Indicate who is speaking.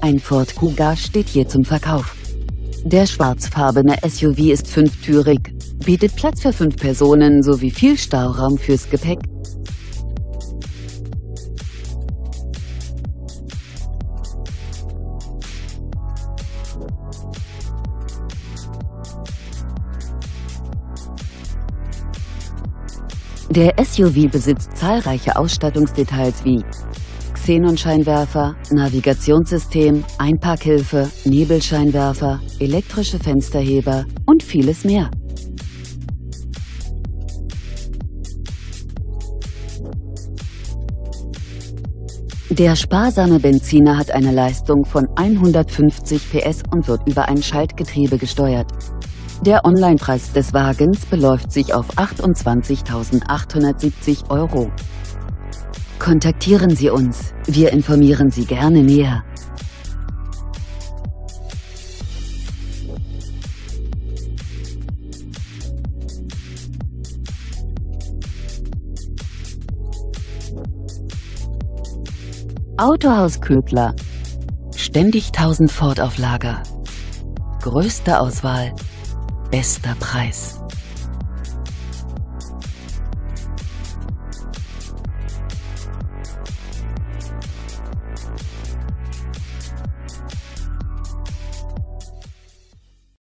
Speaker 1: Ein Ford Kuga steht hier zum Verkauf. Der schwarzfarbene SUV ist fünftürig, bietet Platz für fünf Personen sowie viel Stauraum fürs Gepäck. Der SUV besitzt zahlreiche Ausstattungsdetails wie Xenonscheinwerfer, Navigationssystem, Einparkhilfe, Nebelscheinwerfer, elektrische Fensterheber und vieles mehr. Der sparsame Benziner hat eine Leistung von 150 PS und wird über ein Schaltgetriebe gesteuert. Der Onlinepreis des Wagens beläuft sich auf 28.870 Euro. Kontaktieren Sie uns, wir informieren Sie gerne näher. Autohaus Ködler. Ständig 1000 Ford auf Lager. Größte Auswahl, Bester Preis.